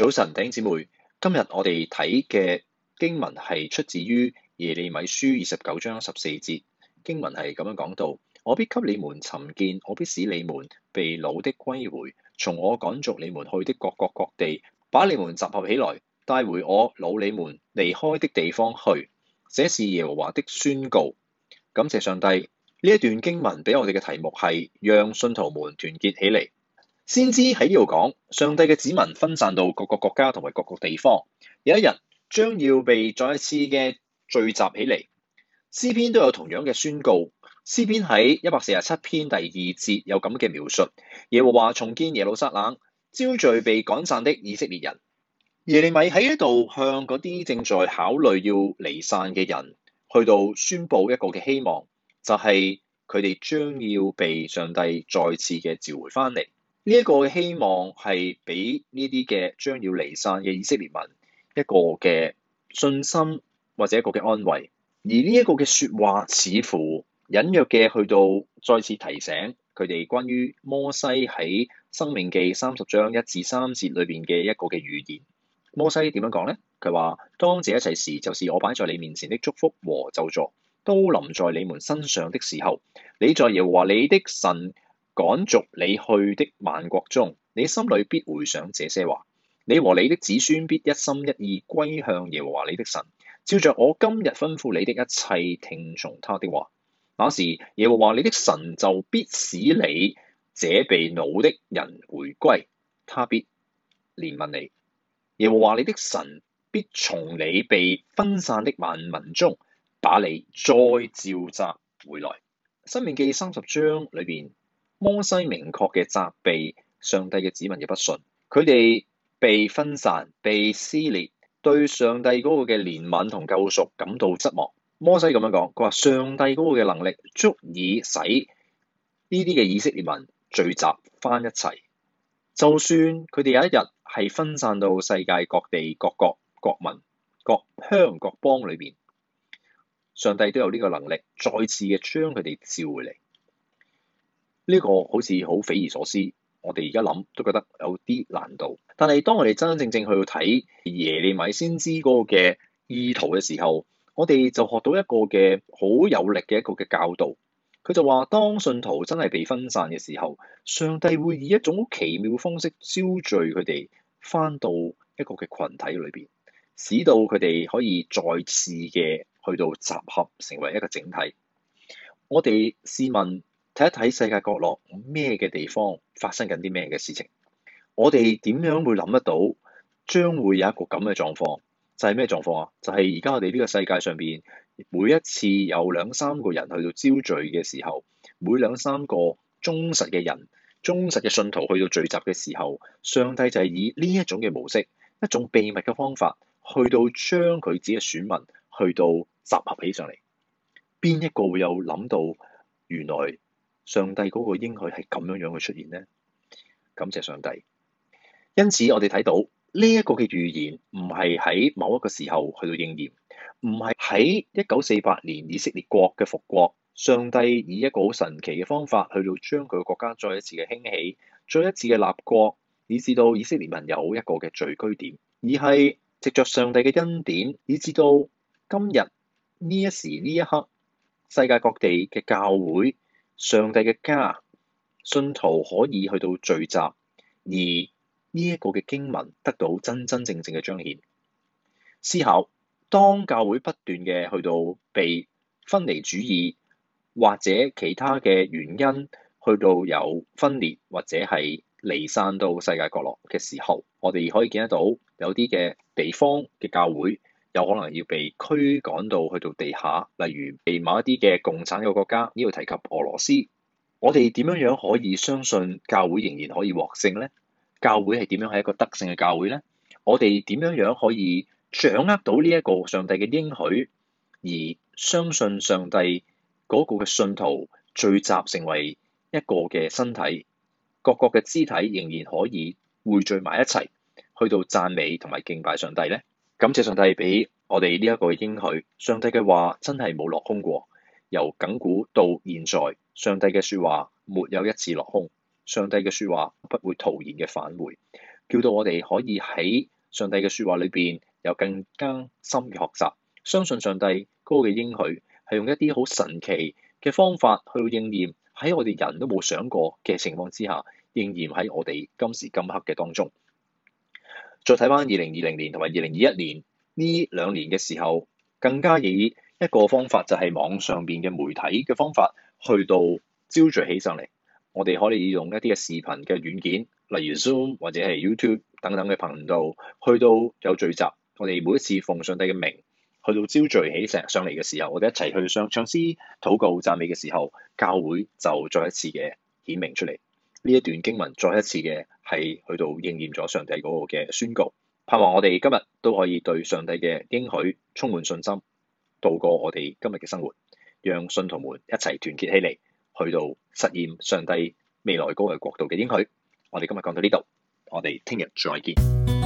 早晨，弟兄姐妹，今日我哋睇嘅經文係出自於耶利米書二十九章十四節，經文係咁樣講到：嗯「我必給你們尋見，我必使你們被擄的歸回，從我趕逐你們去的各國各各地，把你們集合起來，帶回我擄你們離開的地方去。這是耶和華的宣告。」感謝上帝，呢一段經文俾我哋嘅題目係讓信徒們團結起嚟。先知喺呢度講，上帝嘅子民分散到各個國家同埋各個地方，有一日將要被再一次嘅聚集起嚟。詩篇都有同樣嘅宣告。詩篇喺一百四十七篇第二節有咁嘅描述：耶和華重建耶路撒冷，召聚被趕散的以色列人。耶利米喺呢度向嗰啲正在考慮要離散嘅人，去到宣佈一個嘅希望，就係佢哋將要被上帝再次嘅召回翻嚟。呢一個希望係俾呢啲嘅將要離散嘅以色列民一個嘅信心，或者一個嘅安慰。而呢一個嘅説話，似乎隱約嘅去到再次提醒佢哋關於摩西喺《生命記》三十章一至三節裏邊嘅一個嘅預言。摩西點樣講咧？佢話：當這一切事，就是我擺在你面前的祝福和咒詛都臨在你們身上的時候，你在耶和華你的神，趕逐你去的萬國中，你心裡必回想這些話。你和你的子孫必一心一意歸向耶和華你的神，照着我今日吩咐你的一切聽從他的話。那時，耶和華你的神就必使你這被擄的人回歸，他必憐憫你。耶和華你的神必從你被分散的萬民中把你再召集回來。申命記三十章裡邊。摩西明確嘅責備上帝嘅子民嘅不信，佢哋被分散、被撕裂，對上帝嗰個嘅憐憫同救贖感到失望。摩西咁樣講，佢話上帝嗰個嘅能力足以使呢啲嘅以色列民聚集翻一齊，就算佢哋有一日係分散到世界各地、各國、國民、各鄉各邦裏邊，上帝都有呢個能力再次嘅將佢哋召回嚟。呢個好似好匪夷所思，我哋而家諗都覺得有啲難度。但係當我哋真真正正去睇耶利米先知嗰個嘅意圖嘅時候，我哋就學到一個嘅好有力嘅一個嘅教導。佢就話：當信徒真係被分散嘅時候，上帝會以一種奇妙嘅方式招聚佢哋，返到一個嘅群體裏邊，使到佢哋可以再次嘅去到集合，成為一個整體。我哋試問？睇一睇世界角落咩嘅地方發生緊啲咩嘅事情？我哋點樣會諗得到？將會有一個咁嘅狀況，就係、是、咩狀況啊？就係而家我哋呢個世界上邊每一次有兩三個人去到招聚嘅時候，每兩三個忠實嘅人、忠實嘅信徒去到聚集嘅時候，上帝就係以呢一種嘅模式、一種秘密嘅方法去到將佢自己嘅選民去到集合起上嚟。邊一個會有諗到原來？上帝嗰個應許係咁樣樣嘅出現呢？感謝上帝。因此我，我哋睇到呢一個嘅預言唔係喺某一個時候去到應驗，唔係喺一九四八年以色列國嘅復國，上帝以一個好神奇嘅方法去到將佢國家再一次嘅興起，再一次嘅立國，以至到以色列人有一個嘅聚居點，而係藉着上帝嘅恩典，以至到今日呢一時呢一刻，世界各地嘅教會。上帝嘅家，信徒可以去到聚集，而呢一個嘅經文得到真真正正嘅彰顯。思考，當教會不斷嘅去到被分離主義或者其他嘅原因去到有分裂或者係離散到世界角落嘅時候，我哋可以見得到有啲嘅地方嘅教會有可能要被驅趕到去到地下，例如被某一啲嘅共產嘅國家，呢度提及俄羅斯。我哋點樣樣可以相信教會仍然可以獲勝呢？教會係點樣係一個得勝嘅教會呢？我哋點樣樣可以掌握到呢一個上帝嘅應許，而相信上帝嗰個嘅信徒聚集成為一個嘅身體，各國嘅肢體仍然可以匯聚埋一齊去到讚美同埋敬拜上帝呢？感謝上帝俾我哋呢一個應許，上帝嘅話真係冇落空過。由亙古到現在，上帝嘅説話沒有一次落空，上帝嘅説話不會徒然嘅返回，叫到我哋可以喺上帝嘅説話裏邊有更加深嘅學習。相信上帝高嘅應許係用一啲好神奇嘅方法去應驗喺我哋人都冇想過嘅情況之下，應驗喺我哋今時今刻嘅當中。再睇翻二零二零年同埋二零二一年呢兩年嘅時候，更加以一個方法就係、是、網上邊嘅媒體嘅方法，去到招聚起上嚟，我哋可以用一啲嘅視頻嘅軟件，例如 Zoom 或者係 YouTube 等等嘅頻道，去到有聚集，我哋每一次奉上帝嘅名，去到招聚起成日上嚟嘅時候，我哋一齊去上唱詩禱告讚美嘅時候，教會就再一次嘅顯明出嚟呢一段經文，再一次嘅。係去到應驗咗上帝嗰個嘅宣告，盼望我哋今日都可以對上帝嘅應許充滿信心，度過我哋今日嘅生活，讓信徒們一齊團結起嚟，去到實現上帝未來高嘅國度嘅應許。我哋今日講到呢度，我哋聽日再見。